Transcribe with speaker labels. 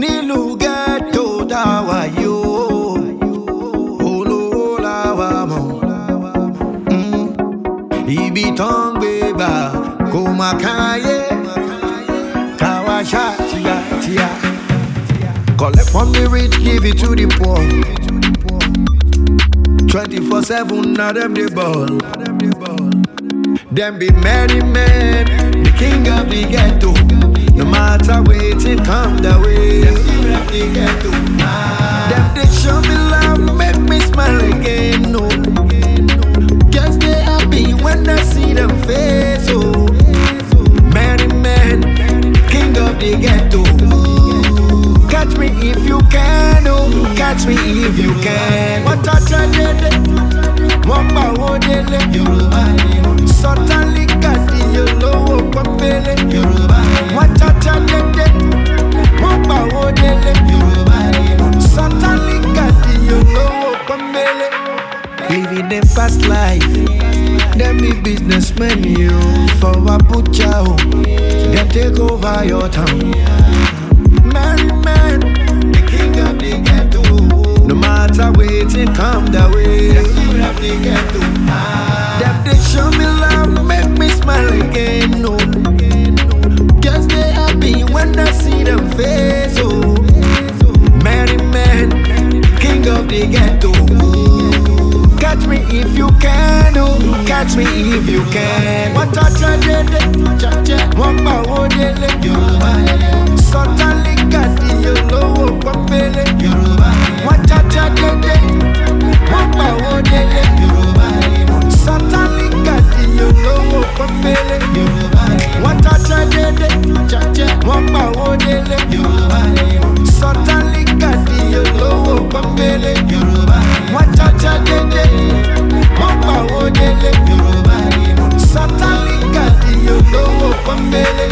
Speaker 1: nílùú ghetto tá a wà olówó la mọ̀ mm. ibi tán ń gbé gbà kò má káyé táwa ṣá tíátíá. Collect from the rich, give it to the poor. Twenty four seven, na them the ball. Them be merry men. love, make me smile again. girls they happy when see face. Oh, man, king of the ghetto. Catch me if you can, oh, catch me if you can. What a tragedy, what a Living them fast life. Them be businessmen, you for a butcher. Oh. Them take over your town. Man, man, the king of the ghetto. No matter waiting, come the way. The king of the ghetto. Them they show me love, make me smile again. No, oh. guess they happy when I see them face. Catch me if you can, oh. Catch me if you can. What a tragedy. One power daily. Yoruba. Suddenly got the yellow papele. Yoruba. What a tragedy. One power daily. Yoruba. Suddenly got the yellow papele. Yoruba. What a tragedy. One power daily. Yoruba. baby